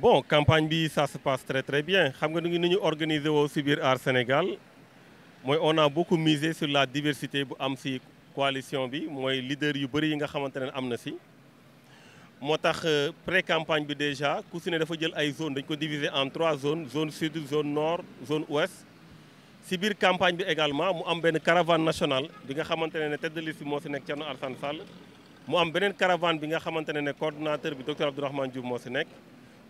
bon campagne bi ça se passe très très bien Nous avons organisé au organiser woo Sénégal on a beaucoup misé sur la diversité de la coalition bi leader yu bëri yi nga été ne Moi, euh, pré campagne bi déjà nous avons dafa zone en trois zones zone sud zone nord zone ouest. Sibir campagne bi également mu am ben caravane nationale bi nga xamantene ne tête de liste bi moo si nekk Sall mu am benen caravane bi nga xamantene ne coordinateur bi docteur Abdourahmane Diouf mo si nek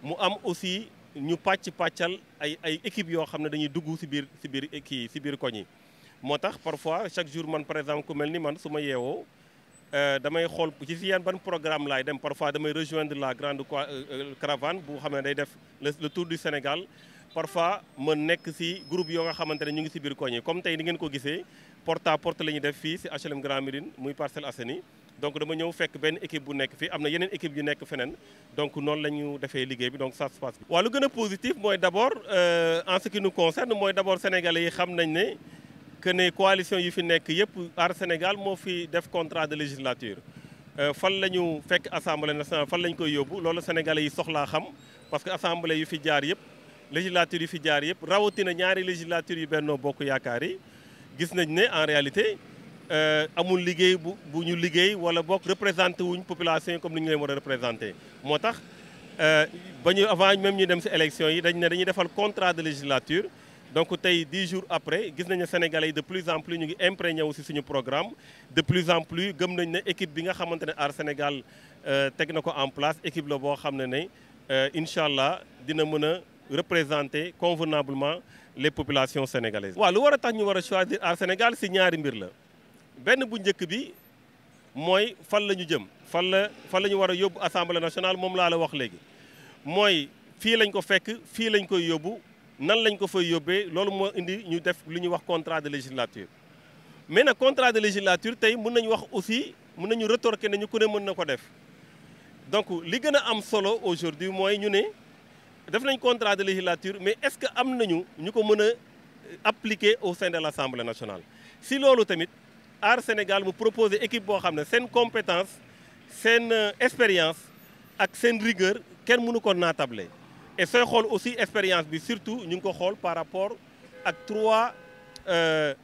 mu am aussi ñu pàcc pàccal ay ay équipe yoo xam ne dañuy dugg si biir si biir kii si biir koñ yi moo tax parfois chaque jour man par exemple ku mel ni man su ma yeewoo euh, damay xool ci si yan ban programme laay dem parfois damay rejoindre la grande euh, euh, caravane bu xam ne day def le tour du Sénégal parfois ma nekk si groupe yoo nga xamante ne ñu ngi si biir koñ yi comme tey ni ngeen ko gisee porte à porte la ñuy def fii si HLM Grand Médine muy Parcelles Assainies donc dama ñëw fekk ben équipe bu nekk fii am yeneen équipe yu nekk feneen donc non la ñu defee liggéey bi donc ça se passe. waaw lu gën positif mooy d'abord abord euh, en ce qui nous concerne mooy d' abord sénégalais yi xam nañ ne que ne coalition yi fi nekk yëpp Aar Sénégal moo fi def contrat de législature. Euh, fan la ñu fekk assemblée nationale fan la ñu koy yóbbu loolu sénégalais yi soxlaa xam parce que assemblée yu fi jaar yëpp législature yu fi jaar yëpp rawatina ñaari législature yu Benno Bokk Yaakaar yi gis nañ ne en réalité. Euh, amul liguey bu bu ñu liggéey wala bok représenté wuñ population comme ni ñu leen war représenté moo euh, avant même ñu dem ci élection yi dañ né dañuy défal contrat de législature donc tay 10 jours après gis nañu Sénégalais de plus en plus ñu ngi imprégné wu suñu programme de plus en plus gëm nañ né équipe bi nga xamante ar Sénégal euh na nako en place équipe la bo xamné né euh, Inshallah, dina mëna représenter convenablement les populations sénégalaises. wa lu wara tax ñu wara choisir ar Sénégal ci ñaari mbir la. Ben bu ñëk bi moy fan lañu jëm fan la fan lañu wara yobbu assemblée nationale mom la la wax légui moy fi lañ ko fekk fi lañ koy yobbu nan lañ ko fay yóbbee loolu mo indi ñu def lu wax contrat de législature mais nag contrat de législature tay mën nañu wax aussi mën nañu rétorquer nañu ku ne mën na ko def donc li gëna am solo aujourd'hui moy ñu ne def nañ contrat de législature mais est-ce que am nañu ñu ko appliquer au sein de l'Assemblée nationale si loolu tamit Ar Sénégal mu proposer équipe boo xam ne seen compétence seen euh, expérience ak seen rigueur kenn mënu ko naatable et sooy xool aussi expérience bi surtout ñu ngi ko par rapport ak trois euh,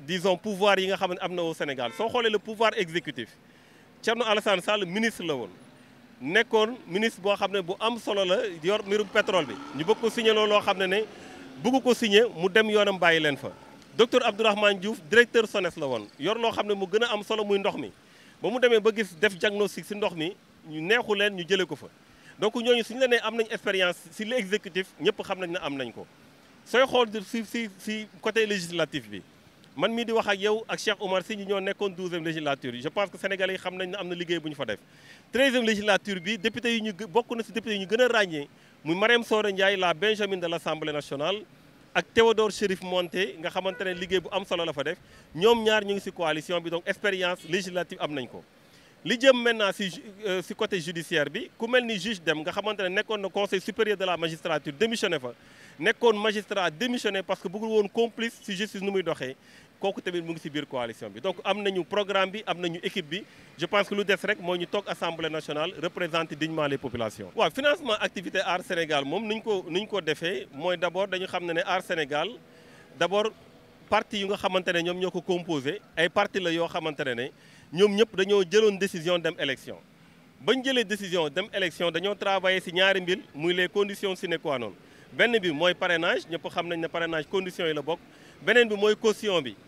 disons pouvoir yi nga xam au Sénégal soo xoolee le pouvoir exécutif Thierno Alassane Sall ministre la woon ministre boo xam ne bu am solo la yor mirum pétrole bi ñu bëgg ko signé loo loo xam ne ne signé mu dem yoonam bàyyi fa docteur Abdourahmane Diouf directeur SONES la won yor loo xam ne mu gën am solo muy ndox mi ba mu demee ba gis def diagnostic ci ndox mi ñu neexu len ñu jëlee ko fa donc ñooñu suñu la né am nañ expérience ci l' exécutif ñëpp xam nañ na am nañ ko soy xol ci ci si côté législatif bi man mi di wax ak yow ak Cheikh Omar Sy ñoo nekkon 12e législature je pense que sénégalais yi xam nañ ne am na liggéey buñ fa def 13e législature bi député yi ñu bokku na ci député yi ñu gën ragné muy Marème Sohra Ndiaye la Benjamin de l'Assemblée nationale ak Théodore Chérif Monté nga xamante ne bu am solo la fa def ñom ñaar ñu ngi ci coalition bi donc expérience législative am nañ ko. li jëm maintenant ci euh, ci côté judiciaire bi ku melni juge dem nga xamante ne na conseil supérieur de la magistrature démissionné fa nekkoon magistrat démissionné parce que bëggul woon complice ci justice nu muy doxee kooku tamit mu ci coalition bi donc am programme bi am équipe bi je pense que nous des rek moy ñu assemblée nationale représenter dignement les populations. waaw financement activité art Sénégal mom ni ñu ko ñu ko défé moy d'abord dañu xamné né art Sénégal d'abord parti yu nga xamante ñom ñoko ñoo composé ay parti la yo xamante né ñom ñep ñëpp jëlone décision dem élection. bañ jëlé décision dem élection dañoo travailler ci ñaari mbil muy les conditions sine qua non benn bi moy parrainage ñep xamnañ né parrainage conditions yi la bok. Benen bi moy caution bi.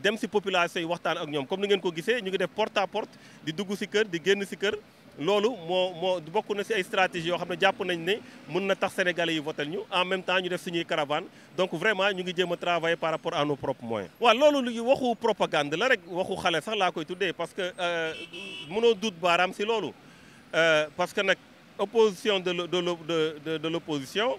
dem ci population yi waxtaan ak ñoom comme ni ngeen ko gisee ñu ngi def porte à porte di dugg si kër di génn si kër loolu moo moo bokk na si ay stratégie yoo xam ne jàpp nañ ne mën na tax sénégalais yi votel ñu en même temps ñu def suñuy caravane donc vraiment ñu ngi jéem a travailler par rapport à nos propres moyens waaw loolu lu waxu propagande la rek waxu xale sax laa koy tuddee parce que euh, mënoo dut baaraam si loolu euh, parce que nag opposition de de de de l'opposition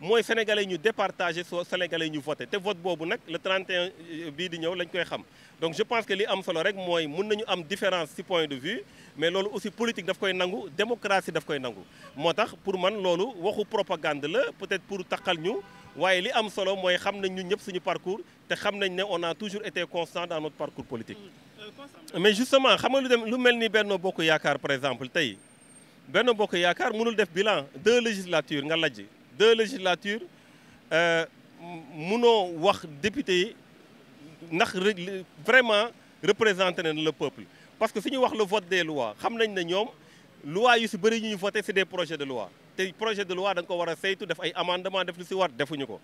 moy sénégalais ñu départager so sénégalais ñu voter té vote bobu nak le 31 euh, bi di ñëw lañ koy xam donc je pense que li am solo rek moy mën nañu am différence ci point de vue mais lolu aussi politique daf koy nangu démocratie daf koy nangu motax pour man lolu waxu propagande la peut-être pour takal ñu waye li am solo moy xam nañ ñun ñëpp suñu parcours té xam nañ né on a toujours été constant dans notre parcours politique mais justement xam nga lu dem lu melni Benno Bokk Yaakaar par exemple tay Benno Bokk Yaakaar mënul def bilan deux législatures nga lajj deux législatures euh, nous wax député députés vraiment représenté le peuple parce que si nous wax le vote des lois nous savons que les lois, yu si voté c'est des projets de loi Les projets de loi nous devons ko des amendements, def ay amendement def lu si war defuñu ko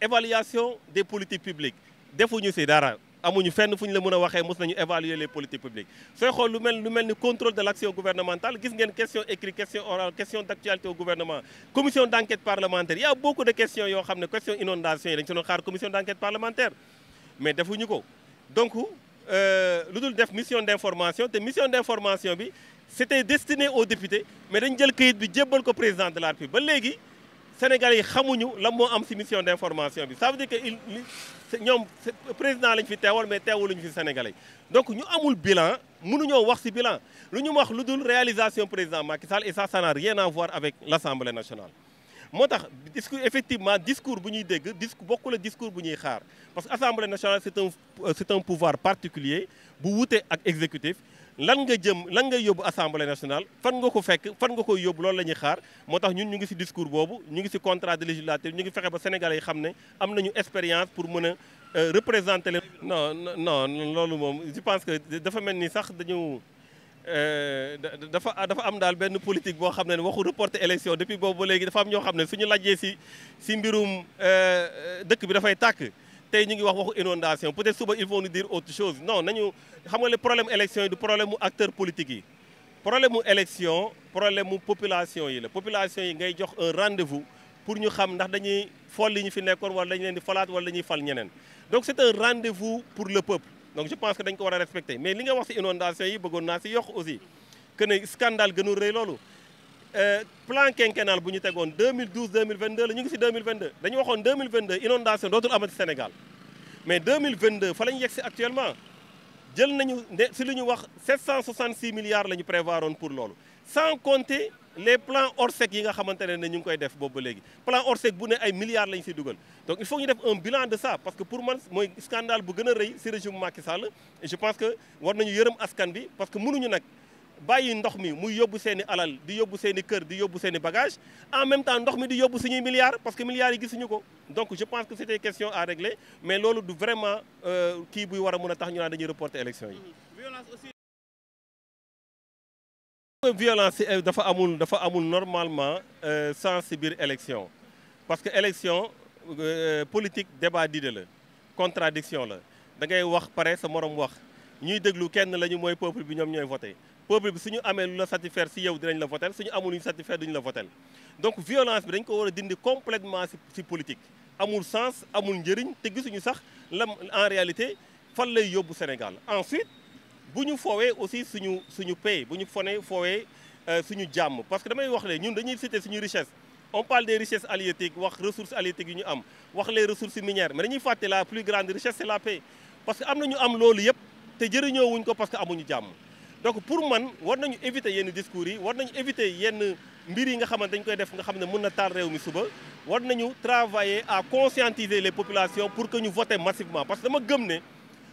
évaluation des politiques publiques defuñu dara nous fenn fu la mëna waxé évaluer les politiques publiques soy xol lu mel lu melni contrôle de l'action gouvernementale gis ngeen question écrite question orale question d'actualité au gouvernement commission d'enquête parlementaire, il y' a beaucoup de questions yo xamné question inondation yi dañu xaar commission d'enquête parlementaire mais defuñu ko donc euh, lu dul def mission d'information, té mission d'information, destiné aux députés mais dañ jël kayit bi djébal ko président de la République ba Sénégalais ont xamuñu am mission d'information bi ça veut dire que il président lañ fi teewal mais téwuluñ fi Sénégalais donc ñu amul bilan nous wax ci bilan Nous avons wax réalisation du réalisation président Macky Sall et ça ça n'a rien à voir avec l'Assemblée nationale. motax discours effectivement discours bu discours bokku la discours parce que l'Assemblée nationale c'est un pouvoir particulier bu exécutif. lan nga jëm lan ngay yóbbu assemblée nationale fan nga ko fekk fan nga koy yóbbu loolu la ñuy xaar moo tax ñun ñu ngi ci discours boobu ñu ngi ci contrat de législature ñu ngi fexe ba sénégalais yi xam ne am nañu expérience pour mën a euh, représenter leen. no non loolu moom je pense que dafa mel ni sax dañu euh, dafa dafa am daal benn politique boo xam ne waxu reporter élection depuis boobu ba léegi dafa am ñoo xam ne suñu lajjee ci ci mbirum euh, dëkk bi dafay tàkk. Tay ñu ngi wax inondation peut-être qu'ils ils vont nous dire autre chose non nous avons nga le problème élection yi du problème acteur politique yi problème mu élection problème population la population yi ngay un rendez-vous pour nous xam ndax dañuy fol li ñu fi wala leen di donc c'est un rendez-vous pour le peuple donc je pense que dañ ko respecter mais li nga wax ci inondation yi bëggon na ci yox aussi que scandale gënu euh, plan quinquennal bu ñu 2012 2022 la ñu ngi ci 2022 dañu waxoon 2022 inondation dootul amati Sénégal mais 2022 fa lañu que actuellement jël nañu wax 766 milliards la ñu prévoir pour loolu sans compter les plans sec yi nga xamantene ne ñu ngi koy def boobu léegi plan sec bu ne ay milliards la donc il faut ñu def un bilan de ça parce que pour man mooy scandale bu gën a rëy régime Macky Sall je pense que war nañu yërëm askan bi parce que mënuñu nag bàyyi ndox mi muy yóbbu seen alal di yóbbu seen i kër di yóbbu seen bagage en même temps ndox mi di yóbbu suñuy milliards parce que milliards yi gisuñu ko donc je pense que c'était question à régler mais loolu du vraiment euh, kii buy war a mën a tax ñu naan dañuy reporter élection yi violence euh, dafa amul dafa amul normalement euh, sans si biir élection parce que élection politique débat de la contradiction la da ngay wax pare sa morom wax ñuy déglu kenn lañu ñu mooy peuple bi ñoom ñooy voter peuple bi su ñu lu la satisfaire si yow dinañ la voter su ñu amul lu satisfaire duñu la voter donc violence bi dañ ko wara dindi complètement ci politique amul sens amul njëriñ te gisunu sax en réalité fan lay yóbbu Sénégal ensuite buñu fowé aussi suñu suñu paix buñu foné fowé euh, suñu jamm parce que damay wax lé ñun dañuy citer suñu richesse on parle des richesses halieutiques wax ressources halieutiques yu ñu am wax les ressources minières mais dañuy faté la plus grande richesse c'est la paix parce que am ñu am lolu yépp te jëriñoo wuñ ko parce que amuñu jamm donc pour moi, war nañu éviter les discours yi war éviter les mbir yi nga xamante dañ koy def nga xam mën na suba war nañu travailler à conscientiser les populations pour que ñu votions massivement parce que dama gëm né,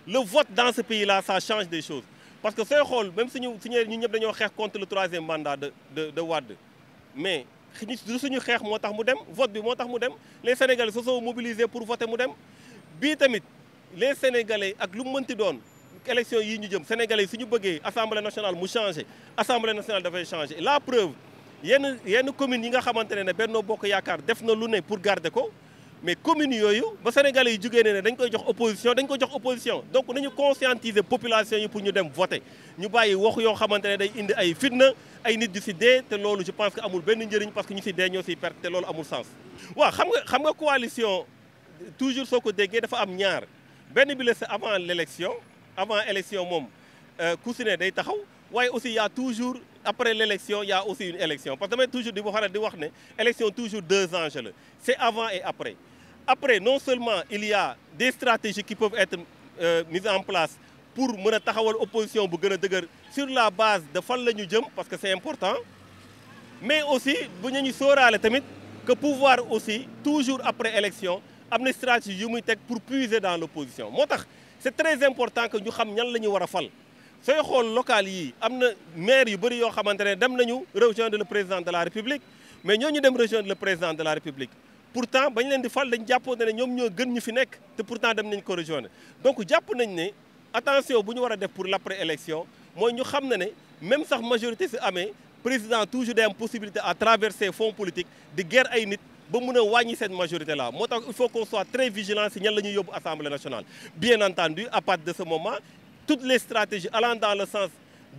le vote dans ce pays là ça change des choses parce que un xol même suñu si ñu ñëpp dañoo contre le troisième mandat de de de Wade mais du suñu xeex motax mu dem vote bi motax mu dem les sénégalais se sont mobilisés pour voter mu dem bi tamit les sénégalais ak lu mu mënti doon élection yi ñu jëm sénégalais yi su ñu bëggee assemblée nationale mu changé assemblée nationale dafay changé la preuve yenn yenn commune yi nga xamante ne ne Benno Bokk Yaakaar def na lu ne pour garder ko mais commune yooyu ba sénégalais yi jugee ne dañ koy jox opposition dañ koy jox opposition donc nañu conscientiser population yi pour ñu dem voter ñu bàyyi wax yoo xamante ne day indi ay fitna ay nit di si dee te loolu je pense que amul benn njëriñ parce que ñu si dee ñoo siy perte te loolu amul sens waaw xam nga xam nga coalition toujours soo ko déggee dafa am ñaar benn bi la c'est avant l'élection avant l'élection, euh, il y' a toujours après l'élection, il y' a aussi une élection parce que toujours l'élection. toujours deux anges. C'est avant et après après non seulement il y a des stratégies qui peuvent être euh, mises en place pour que l'opposition sur la base de la parce que c'est important mais aussi si ñu que pouvoir aussi toujours après élection a stratégie pour puiser dans l'opposition c'est très important que nous xam ñan nous local yi maire de rejoindre le président de la république mais nous ñu rejoindre le président de la république pourtant nous leen di pourtant donc nous attention pour l'après élection Nous ñu xam même sax majorité le président toujours une possibilité à traverser les fonds politiques de guerre ay majorité là il faut qu'on soit très vigilant si nous nationale bien entendu à partir de ce moment toutes les stratégies allant dans le sens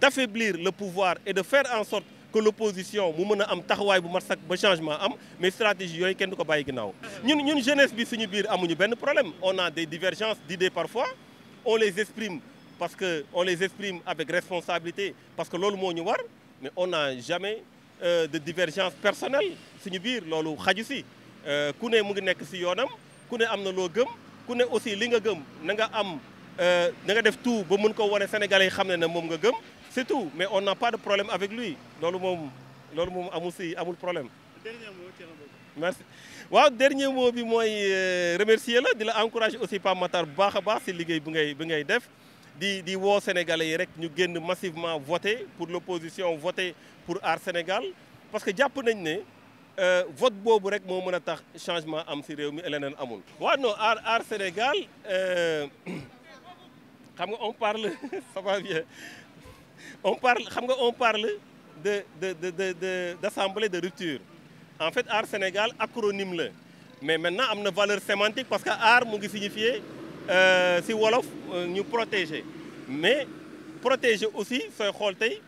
d'affaiblir le pouvoir et de faire en sorte que l'opposition mu un changement mais stratégie stratégies jeunesse on a des divergences d'idées parfois on les exprime parce que les exprime avec responsabilité parce que l'on ce mais on n'a jamais euh, de divergences personnelle suñu biir loolu xaju si euh, ku ne mu ngi nekk si yoonam ku ne am na loo gëm ku ne aussi li nga gëm na nga am euh, na nga def tout ba mun ko wane sénégalais yi xam ne ne moom nga gëm c'est tout mais on n'a pas de problème avec lui loolu moom loolu moom amul si amul problème. merci waaw dernier mot bi mooy euh, remercier la di la encourager aussi Pape Matar bu baax a baax si liggéey bi ngay bi ngay def di di woo sénégalais yi rek ñu génn massivement voter pour l'opposition voter pour Aar Sénégal parce que jàpp nañ ne. Euh, Votre bobu rek mo meuna tax changement am ci réew mi amul. wa non Sénégal euh, xam nga on parle ça va bien on parle on parle de d'assemblée de rupture en fait ar Sénégal acronyme le mais maintenant a une valeur sémantique parce que ar signifie ngi signifier si euh, protéger mais protéger aussi cest tay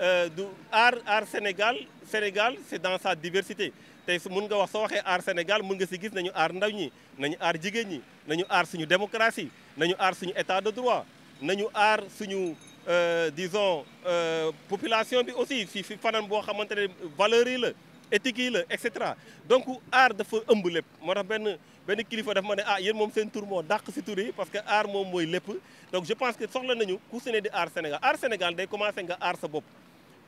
euh du ar Sénégal. Sénégal c'est dans sa diversité tey su mun nga wax soo waxee aar Sénégal mun nga si gis nañu aar ndaw ñi nañu art jigéen nañu aar suñu démocratie nañu art suñu état de droit nañu art suñu euh, disons euh, population bi aussi si fi fanaan boo xamante ne valeurs yi la éthique yi la et donc art dafa ëmb lépp moo tax ben benn kilifa dafa ma ne ah yéen moom seen tur moo dàq si tur parce que art moom mooy lépp donc je pense que soxla nañu ku su ne di Sénégal art Sénégal day commencer nga art sa bopp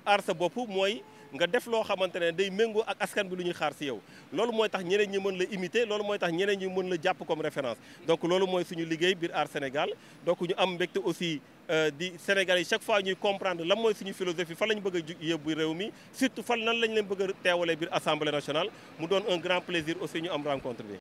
aar sa bopp mooy nga def lo xamantene day mengo ak askan bi lu xaar ci yow loolu moy tax ñeneen ñi mën la imiter loolu moy tax ñeneen ñi mën la japp comme référence donc loolu moy suñu liguey bir art Sénégal donc ñu am mbégte aussi euh, di Sénégalais chaque fois ñuy comprendre lan moy suñu philosophie fa lañ bëgg a yóbbu réew mi surtout fan nan lañ leen bëgg téwolé bir assemblée nationale mu doon un grand plaisir aussi ñu am rencontre bi